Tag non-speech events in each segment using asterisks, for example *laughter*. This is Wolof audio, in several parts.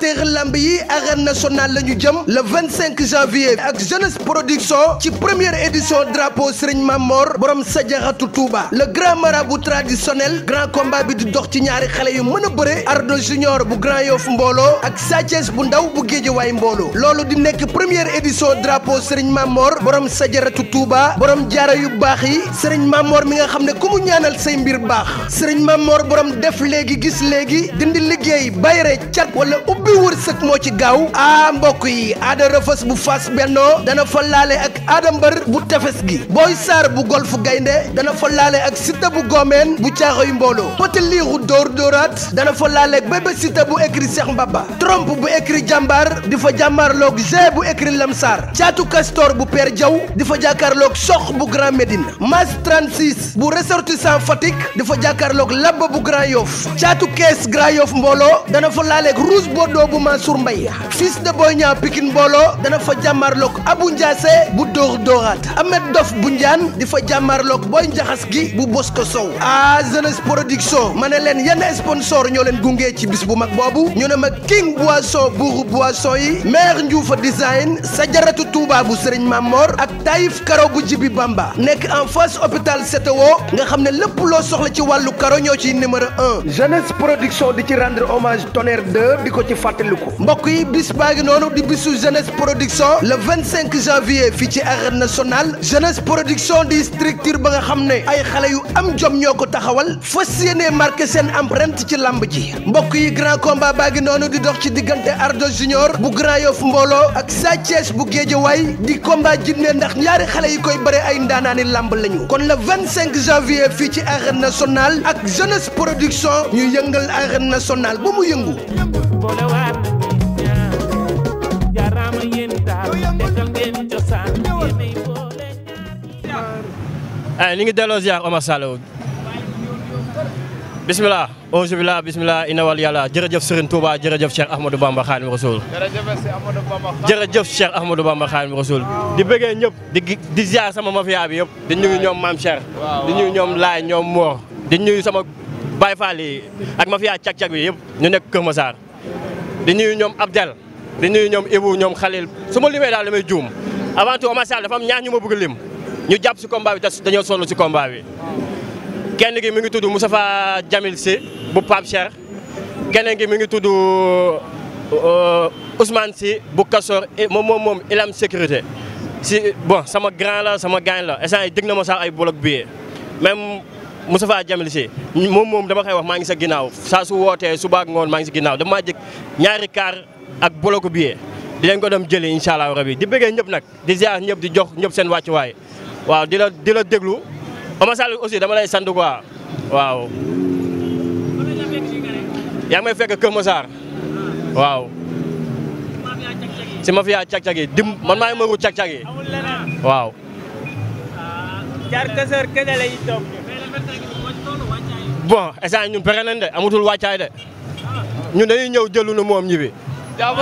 amateur lamb yi arène nationale la ñu jëm le 25 janvier ak jeunesse production ci première édition drapeau Serigne Mamor borom Sadiaratou Touba la grand bu traditionnel grand combat bi di dox ci ñaari xale yu mën a bëre Ardo Junior bu Grand Yoff mbooloo ak Sa Thiès bu ndaw bu Guédiawaye mbooloo loolu di nekk première édition drapeau Serigne Mamor borom Sadiaratou Touba borom jaara yu baax yi Serigne mamoor mi nga xam ne ku mu ñaanal say mbir baax Serigne Mamor borom def léegi gis léegi dindi liggéey bayre ubbi wërsëg moo ci gaaw a mbokk yi aada rëfës bu fas bennoo dana fa laale ak aada mbër bu tefes gi booy saar bu golfu gaynde dana fa laale ak sita bu goomeen bu caaxoy mbooloo poti liiru dóor dóoraat dana fa laale ak bébé sita bu écrit Cheikh Mbaba trompe bu écrit jàmbaar di fa jàmbaarloog g bu écrit Lamsar caatu Castor bu Père Diaw di fa jàkkaarloog sox bu Grand Médine Mas 36 bu ressortissant Fatick di fa jàkkaarloog Labba bu Grand Yoff caatu kees Grand mbooloo bu Mansour Mbaye fils de Boy Niang Pikine mbooloo dana fa jàmmarloog Abou Ndiassé bu dóor dóoraat Ahmed Dof bu Ndiane di fa jàmmarloog Boy Njaxas gi bu ko Sow a Jeunesse Production ma ne leen yenn sponsor ñoo leen gungee ci bis bu mag boobu ñu ne ma King Boisson buuru boisson yi maire Ndioufa design sa jaratu Touba bu Serigne Mamor ak Taïf Karo bu Jibi Bamba nekk en face hôpital Sétéwo nga xam ne lépp loo soxla ci wàllu karo ñoo ci numéro un Jeunesse Production fàttaliku mbokk yi bis baa ngi noonu di bisu jeunesse production le vingt cinq janvier fii ci arène nationale jeunesse production di structure ba nga xam ne ay xale yu am jom ñoo ko taxawal fas yéenee marqué seen empreinte ci làmb ji mbokk yi grand combat baa ngi noonu di dox ci diggante Ardo Junior bu Grand Yoff mbooloo ak Sa Thiès bu Guédiawaye di combat jinne ndax ñaari xale yi koy bëre ay ndaanaani lamb lañu kon le vingt cinq janvier fii ci arène national ak jeunesse production ñu yëngal arène nationale ba mu yëngu ay ñu eh, ngi delloo ziar Omar Sall bisimilah auzu billah bisimilah inawal yàlla jërëjëf Serigne Touba jërëjëf Cheikh Ahmadou Bamba Khadim Rasoul jërëjëf Cheikh Ahmadou Bamba Khadim Rasoul di bëggee ñëpp di di ziar sama mafia bi di nuyu ñoom Mame di nuyu ñoom Laay ñoom Moor di nuyu sama Baye Fall yi ak mafia bi yëpp ñu nekk Kër Massar di nuyu ñoom Abdel di nuyu ñoom Ibou ñoom Khalil su ma limee daal damay juum avant tout Omar dafa am ñaar ñu ma bëgg lim ñu jàpp si combat bi te dañoo sonn si combat bi. kenn gi mi ngi tudd Moustapha Jamil si bu Pape Cheikh keneen gi mi ngi tudd euh, Ousmane Sy bu Kasor moom moom moom Ilam sécurité si bon sama grand la sama gaañ la instant yii dig na ma sax ay bolok biyee Moustapha Jamil Sy moom moom dama koy wax maa ngi sa ginnaaw saa su wootee su ak ngoon maa ngi sa ginnaaw damaa jëkk ñaari kaar ak bolo ko biyee dinañ ko dem jëlee incha allah rabi di bëggee ñëpp nag di ziar ñëpp di jox ñëpp seen waay waaw di la di la déglu aussi dama lay sant quoi waaw. yaa ngi may fekk Kër waaw. si mafia càq-càq yi dim man maa ngi mëru càq waaw. bon instant ñun pare nañ de amatul wàccaay de ñun dañuy ñëw jëlu nu moom ñibi. jàpp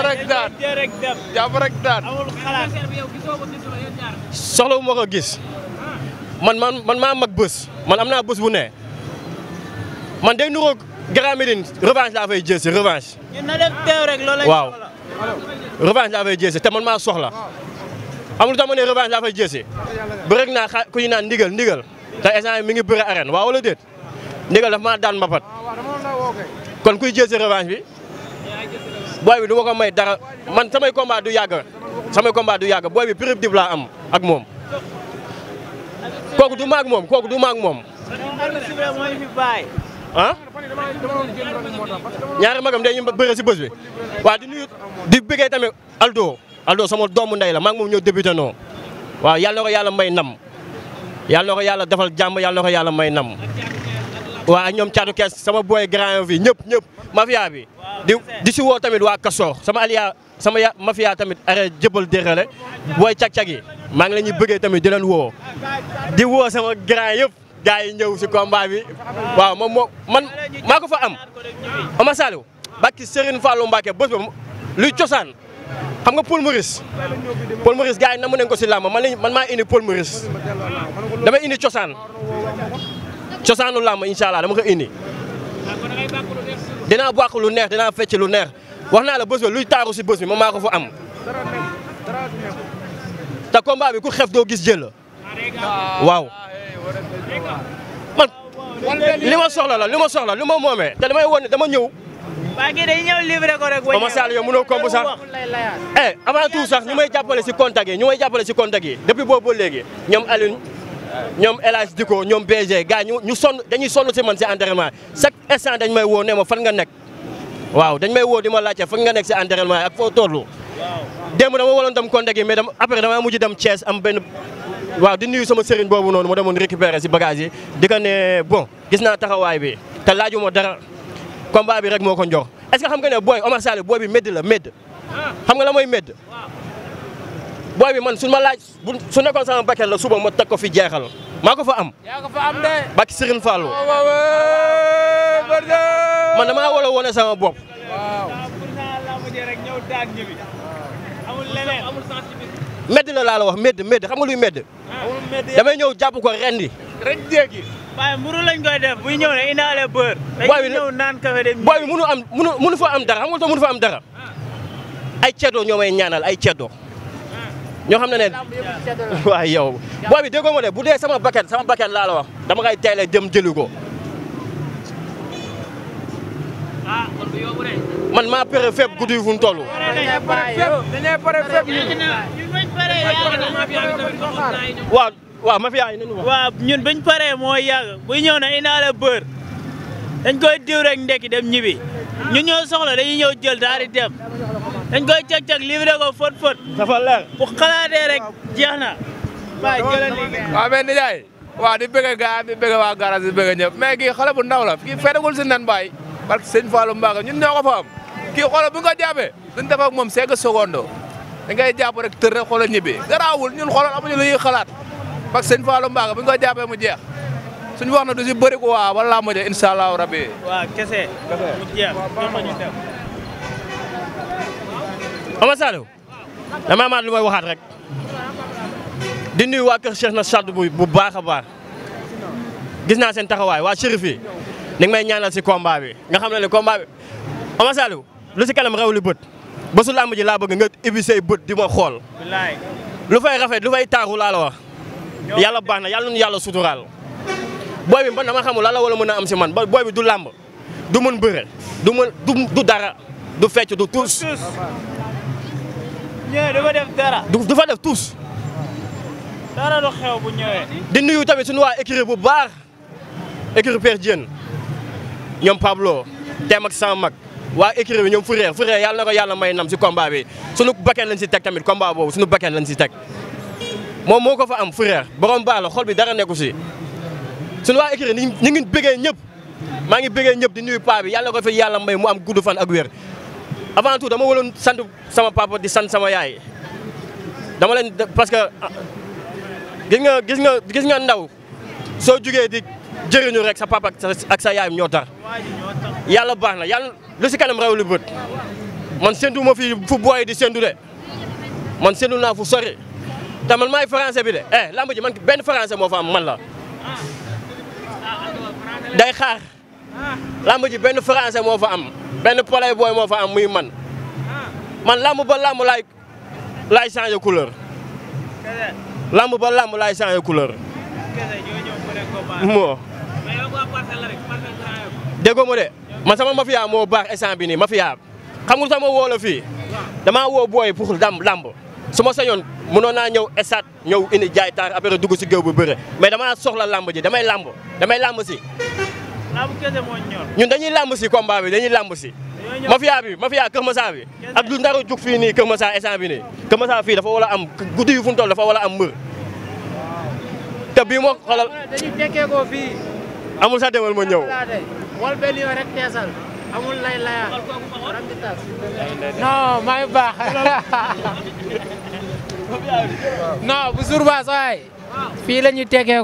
rek moo ko gis man man man maa mag bës man am naa bés bu ne man de nuroog Grand Médine revanche laa fay jël si waaw revanche laa fay jël te man maa soxla amul tax ma ne revanche laa fay jël si ba rek naa xa ku ñu naan ndigal ndigal te instant mi ngi bëre arène waaw wala déet. ndigal daf maa daan mbapat kon kuy jël si bi booy bi du ma ko may dara man samay combat du yàgg samay combat du yàgg booy bi prib dib am ak moom kooku du maag moom kooku du maag moom ñaari magam dañuy bëre si bés bi waaw di nuyu di bëggee tamit Aldo Aldo sama doomu ndey la maa moom ñoo débuté waaw yàlla na ko yàlla may nam yàlla na ko yàlla defal jàmm yàlla na ko yàlla may nam waa ñoom caatu kees sama booy grand yi ñëpp ñëpp mafia bi di di si woo tamit waa Kasoor sama aliya sama mafia tamit arrêt jëbal dérale booy cag-cag maa ngi la ñuy bëggee tamit di leen woo di woo sama grand yëpp gars yi ñëw si combat bi waaw moom moo man maa ko fa am Omar ba bakki Serigne Fallou Mbacké bés ba luy cosaan xam nga pol Maurice Paul Maurice gars yi namu nañ ko si làmb man man maa indi Paul Maurice dama indi cosaan cosaanu làmb incha allah dama ko indi. dinaa bàq lu neex dinaa fecc lu neex wax naa la bés ba luy taaru si bés bi moom maako fo am. te combat ku xef doo gis jël la waaw. man li ma soxla la li ma soxla li ma moomee te damay won dama ñëw. waa kii dañuy ñëw livré ko rek. wala Sall yow mënoo komb sax. eh avant tout sax ñu may jàppale si contact yi ñu may jàppale si contact yi depuis boobo ba ñoom Alioune. ñoom El Hadj Diko ñoom BG gars ñu ñu sonn dañuy sonn si man si entraînement chaque instant dañ may woo ne ma fan nga nekk waaw dañ may woo di ma laajte fan nga nekk si entraînement ak foo tollu. démb dama waroon dem Konde gi mais dama après dama mujj dem Thiès am benn waaw di nuyu sama sëriñ boobu noonu moo demoon récupérer si bagage yi di ko ne bon gis naa taxawaay bi te laajuma dara combat bi rek moo ko njox est-ce que xam nga ne booy Omar Sall booy bi médd la médd xam nga la mooy booy bi man suñ ma laaj su nekkoon sama bakkan la suba ma teg ko fi jeexal maa ko fa am. yaa ko fa am de. bakki Serigne Fallou. man damaa war wone sama bopp. waaw. medd la laa la wax medd medd xam nga luy medd. damay ñëw jàpp ko rendi rek jéggi. waaye booy munu am munu fa am dara xam nga soo munu fa am dara. Ah. ay ceddo ñoo may ñaanal ay ceddo. ñoo xam ne ne waaye yow boo bi déggoo de bu dee sama baket sama baket laa wax dama koy teel a jëm jëli ko ah, man maa pare fépp guddi fu mu toll. ma fi yaay nañu wax. waaw ñun buñ paree mooy yàgg bu ñëw na bër dañ koy diw rek ndekki dem ñibbi ñu ñoo soxla dañuy ñëw jël daal di dem. dañ koy cag-cag livré ko fot fot dafa leer bu xalaatee rek jeex na waaw jëlal liggéey waaw mais nijaay waaw di bëgg gaa waa garage di bëgg ñëpp mais kii xale bu ndaw la kii fedagul si nan baay parce que sëñ Fallou Mbacké ñun ñoo ko fa am kii xoolal bu nga jàppee duñ def ak moom cinq secondes da ngay jàpp rek tër rek xoolal ñibbi garaawul ñun xoolal amuñu lu ñuy xalaat parce que sëñ Fallou Mbacké bu ko jàppee mu jeex suñu wax na du si ko waa wala laa mujjee incha mu jeex ñoom ñu def. Ama Saliou dama amaat lu may waxaat rek di nuyu waa kër Cheikh na Sadd bu bu baax a baax gis naa seen taxawaay waa Chérif yi ni ngi may ñaanal si combat bi nga xam ne ne combat bi lu si kanam raw li bët ba su làmb ji laa bëgg nga ubbi say bët di ma xool lu fay rafet lu fay taaru laa la wax yàlla baax na yàlla nu yàlla suturaal booy bi man dama xamul la wala mën a am si man booy bi du làmb du mën bëre du dara du fecc du tuus ñëwee du fa def dara. du def tous. dara lu xew bu ñëwee. di tamit suñu waa écurie bu baax écurie Père Diène ñoom Pablo teem ak sama mag waa écurie bi ñoom Fourrière Fourrière yàlla ko yàlla may nam si combat bi suñu bakkeen lañ si teg tamit combat boobu suñu bakkeen lañ si teg moom moo ko fa am Fourrière borom baax la xol bi dara nekku si sunu waa écurie ñu ngi bëggee ñëpp maa ngi bëggee ñëp di nuyu paa bi yàlla ko fi yàlla may mu am gudd fan ak wér avant tout dama woloon sant sama papa di sant sama yaay dama leen parce que ah, gis nga gis nga gis nga ndaw soo jugee di jëriñu rek sa papa ak sa yaayam ñoo tar yàlla baax na yàlla lu si kanam raw lu bët man séntu ma fi fu booy di séntu de man séntu naa fu sori te man maay français bi de eh lamba ji man benn français moo fa man la day xaar. lamb ji benn français moo fa am benn pale booy moo fa am muy man man lamb ba lamb lay laay changé couleur lamb ba lamb laay changé couleur moo déggoo ma de man sama mafia moo baax instant bi nii mafia xam nga sama woo la fii damaa woo booy pour lamb lamb su ma sañoon mënoon naa ñëw esat ñëw indi jaay taar après dugg si géew bu bëre mais damaa soxla lamb ji damay lamb damay lamb ñun dañuy làmb si combat bi dañuy làmb si mafia ma mafia Kër Masaar bi ak ndaru jug fii nii Kër Masaar instant bi fii dafa war am guddi yu fu dafa war am mbër te bii moo dañuy tekkee ko fii amul sax demal ma wal benn rek teesal amul lay laya non may baax *laughs* non bu jour fii la ñuy tekkee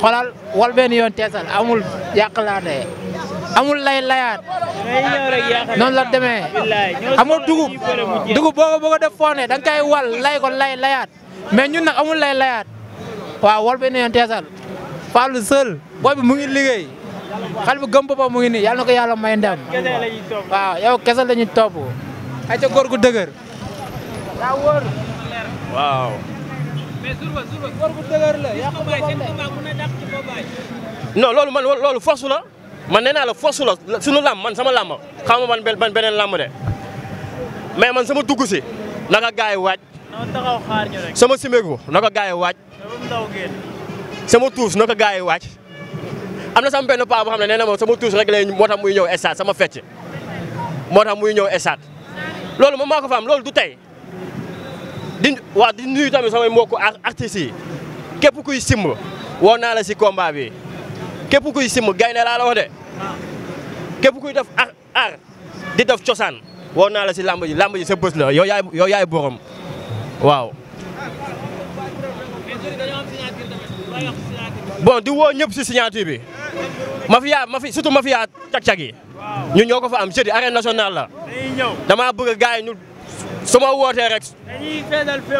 xolal wal benn yoon teesal amul yàqalaatee amul lay layaat noonu la demee amul dugub dugub boo ko bëgg a def wal lay ko lay layaat mais ñun nag amul lay layaat waaw wal benn yoon teesal Fallou Seul booy bi mu ngi liggéey xale bu gëm boppam mu ngi nii yàlla na ko yàlla may ndam waaw yow kese dëgër waaw mais na loolu man loolu force la man nee naa la force la suñu làmb man sama làmb xam nga man man beneen làmb de mais man sama dugg si naka gars yi waaj. non taxaw xaar ñu sama simeegu naka gars yi waaj. sama tuus naka gars yi waaj. am na sama benn paa boo xam ne nee na ma sama tuus rek lay moo tax muy ñëw estade sama fecc moo tax muy ñëw estade loolu moom maa ko fa loolu du tey di waaw nuyu tamit samay mbokku artistes yi képp kuy simb woo naa la si combat bi képp kuy simb gaynde laa la wax de kuy def ar di def cosaan woo naa la si làmb ji làmb sa bës la yaay yow waaw. bon di woo ñëpp si signature bi mafia mafia surtout mafia cag-cag yi ñun ñoo ko fa am jeudi arène nationale la dama bëgg gaay ñu. su ma wootee rek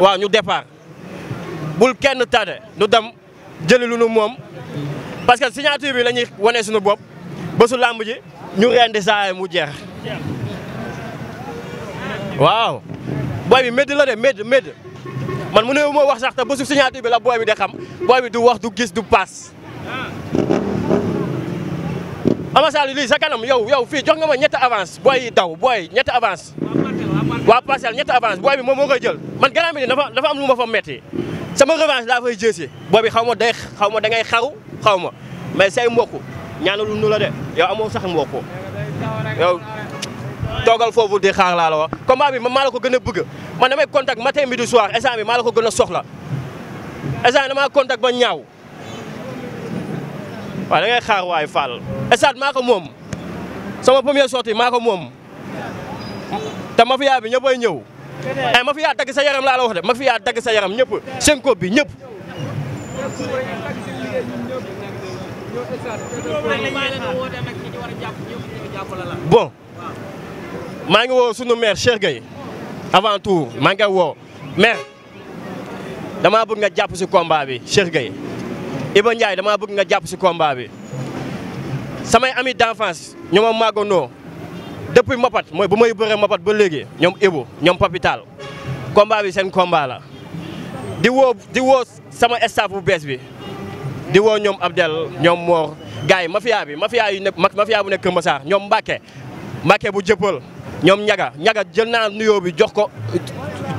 waaw ñu départ bul kenn tane nu dem jëli nu moom parce que signature bi la ñuy wane suñu bopp ba su ñu rendi saa mu jeex waaw booy bi médd la de médd médd man mu ne moo wax sax te ba su signature bi la booy bi de xam booy bi du wax du gis du paas ama lii sa kanam yow yow fii jox nga ma ñetti avance booy yi daw booy ñetti avance waa parcelle ñetti avance booy bi moom moo koy jël man Grand Médine dafa dafa am lu ma fa metti sama revanche laa fay jësi booy bi xaw ma day xaw ma da ngay xaw ma mais say mbokk ñaanalu nu la de yow amoo sax mbokk yow toogal foofu di xaar laa la wax combat bi man maa la ko gën a bëgg ma damay contact matin midi soir instant bi maa la ko gën a soxla instant damaa contact ba ñaaw waaw da ngay xaar waaye Fall instant maa ko moom sama première sortie maa ko moom te mafia bi ñëppay ñëw ay eh, mafia dagg sa yaram laa la wax de mafia dagg sa yaram ñëpp Sonko bi ñëpp bon maa ngi woo sunu maire Cheikh Gueye avant maa ngi woo maire damaa bëgg nga jàpp si combat bi Cheikh Gueye Iba Ndiaye damaa bëgg nga jàpp si combat bi samay ami d'enfance ñoo ma màggandoo depuis mapat mooy bu may bëree Mbapat ba léegi ñoom Ibou ñoom Papital combat bi seen combat di woo di sama staff bu bees bi di woo ñoom Abdel ñoom Mor gars yi mafia bi mafia yu nekk mafia bu nekk Kër ñoom mbake Mbacke bu jëppal ñoom ñaga ñaga jël naa nuyoo bi jox ko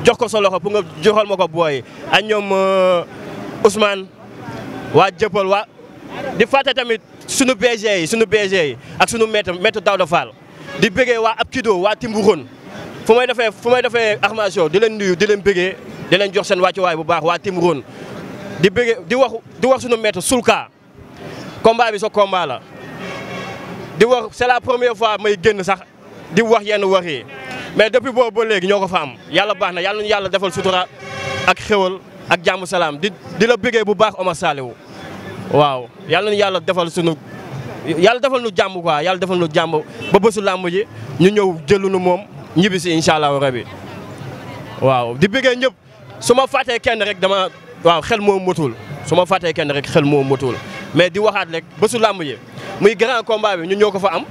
jox ko sa nga joxal ma ko booyi ak ñoom euh, Ousmane waa jëppal waa di fàtte tamit sunu BG yi sunu BG yi ak sunu maître maître Daouda di bëggee waa Abkido waa Timburon fu may defee fu may defee armation di leen nuyu di leen bëggee di leen jox seen wàccuwaay bu baax waa Timburon di bëggee di wax di wax suñu maître Soulka combat bi sa di wax c'est la première fois may génn sax di wax yenn wax yi mais depuis boobu ba léegi ñoo ko fa am yàlla baax na yàlla ñu yàlla defal sutura ak xéwal ak jàmm salaam di di la bëggee bu baax Omar Saliou waaw yàlla ñu yàlla defal sunu yàlla defal nu jàmm quoi yàlla defal nu jàmm ba bésu làmb ji ñu ñëw jëlunu moom ñibbi si incha allahu rabi waaw di bëggee ñëpp su ma fàttee kenn rek dama waaw xel moo motul su ma fàttee kenn rek xel moo motul mais di waxaat rek bésu làmb ji muy grand combat bi ñu ñoo ko fa am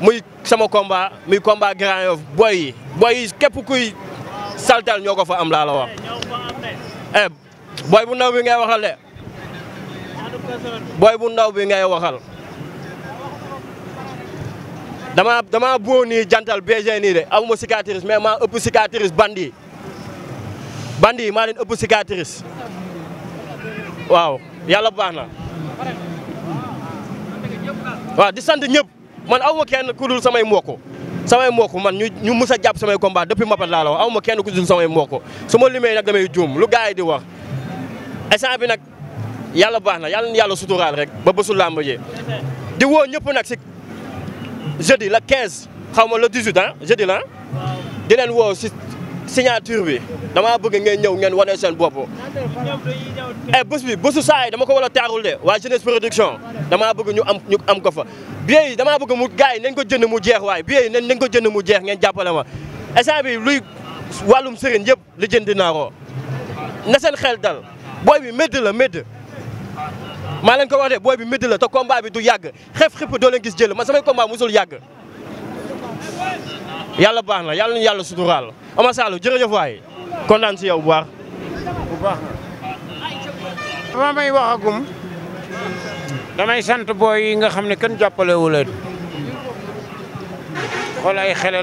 muy sama combat muy combat grand yof boy yi boy yi képp kuy saltal ñoo ko fa am laa wax eh boy bu naw bi ngay waxal de boy bu ndaw bi ngay waxal damaa damaa boo nii jantal BG nii de amuma cicatrice mais maa ëpp cicatrice bandi bandi yi maa leen ëpp cicatrice waaw yàlla baax na waaw di sant ñëpp man awma kenn ku dul samay mbokk samay mbokk man ñu ñu mës a jàpp samay combat depuis ma laa la wax kenn ku dul sama mbokk su ma limee damay juum lu gars yi di wax instant bi nag yàlla baax na yàlla yàlla suturaal rek ba bésu làmb ji jeudi la 15 xaw ma le 18 ah jeudi la di leen woo si bi damaa bëgg ngeen ñëw ngeen wane seen bopp. et eh, bés bi bésu saa yi dama ko war a taarul de waa jeunesse production damaa bëgg ñu am ñu am ko fa. billet yi damaa bëgg mu gars yi nañ ko jënd mu jeex waaye billet yi nañ ko jënd mu jeex ngeen jàppale ma instant bi luy wàllum sëriñ yëpp li jënd naa ko na sen xel dal booy bi médd la médd. maa leen ko wax de booy bi métti la te combat bi du yàgg xef xipp doo gis jël man samay combat musul yàgg yàlla baax na yàlla ñu yàlla suturaal Ama Sall jërëjëf waay kontaan si yow bu baax. bu baax dama may wax damay sant booy yi nga xam ne kenn jàppale wu leen xool ay xele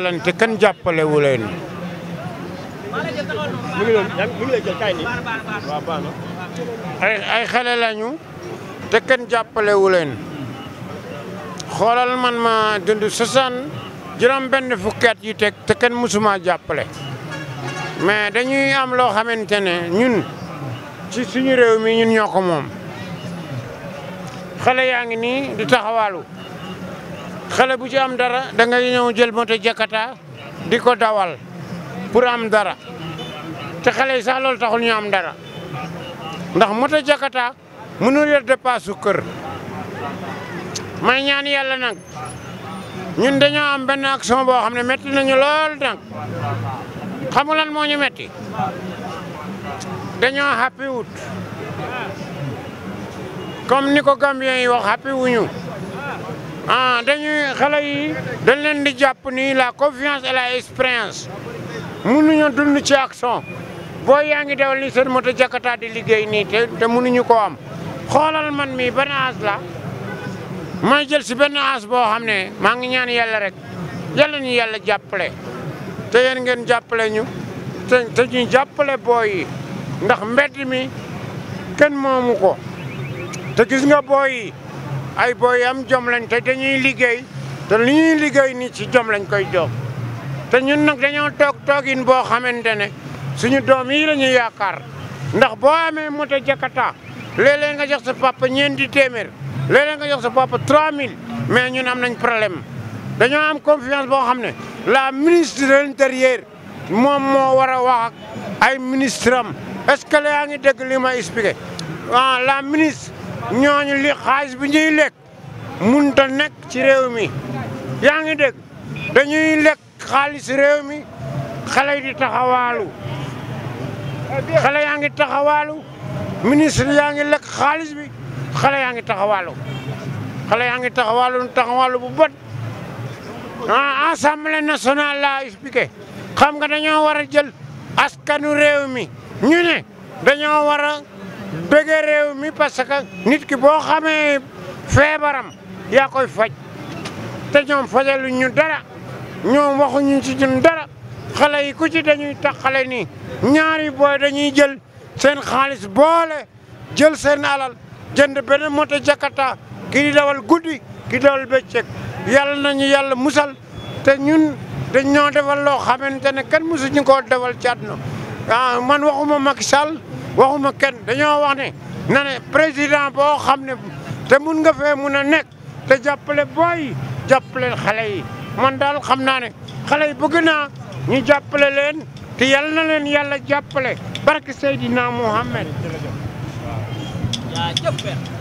lan te kenn jàppalewu leen xoolal man ma dund soixante juróom benn fukki at yi teg te kenn mësuma jàppale mais dañuy am loo xamante ne ñun ci suñu réew mi ñun ñoo ko moom xale yaa ngi nii di taxawaalu xale bu ci am dara da ngay ñëw jël moto jakata di ko dawal pour am dara te xale yi sax taxul ñu am dara ndax moto jakata mënul yor dépasse kër may ñaan yàlla nag ñun dañoo am benn action boo xam ne métti nañu lool nag xamu lan moo ñu métti dañoo happy wut comme ni ko Gambien yi wax happy wuñu ah dañuy xale yi dañ leen di jàpp ni la confiance et la expérience mënuñu dund ci action boo yaa ngi dewal ni seen moto Jakarta liggéey nii te te mënuñu ko am. xoolal man mi benn la may jël si benn as boo xam ne maa ngi ñaan yàlla rek yàlla ñu yàlla jàppale te yéen ngeen jàppale ñu te te ñu jàppale booy ndax mbedd mi kenn moomu ko te gis nga booy ay booy am jom lañ te dañuy liggéey te li ñuy liggéey nii ci jom lañ koy jox te ñun nag dañoo toog toogin boo xamante ne suñu doom yi la yaakaar ndax boo amee moto Jakarta léeg nga jox sa papa ñeenti téeméer léeg-léeg nga jox sa papa 3000 mais ñun am nañ problème dañoo am confiance boo xam ne la ministre de moom moo war a wax ay ministre am que la yaa ngi dégg li ma expliqué ah la ministre ñooñu li xaalis bi ñuy lekk mënut a nekk ci réew mi yaa ngi dégg dañuy lekk xaalis réew mi xale yi di taxawaalu xale yaa ngi taxawaalu ministre yaa ngi lekk xaalis bi xale yaa ngi taxawaalu xale yaa ngi taxawaalu taxawaalu bu bët ah assemblée nationale laa expliqué xam nga dañoo war a jël askanu réew mi ñu ne dañoo war a bëgg réew mi parce que nit ki boo xamee feebaram yaa koy faj te ñoom fajalu ñu dara ñoom waxuñu ci ñun dara xala yi ku ci dañuy tax nii ñaari booy dañuy jël. seen xaalis boole jël seen alal jënd benn moto jakarta ki di dawal guddi ki dawal bëccëg yàlla nañu yàlla musal te ñun dañ ñoo defal loo xamante ne kenn mosu ñu koo dawal ci àdduna ah man waxuma Macky Sall waxuma kenn dañoo wax ne na ne président boo xam ne te mun nga fee mun a nekk te jàppale booy yi jàppale xale yi man daal xam naa ne xale yi ñu jàppale leen te yal na leen yàlla jàppale barke Seydina Mohamed. jërëjëf waaw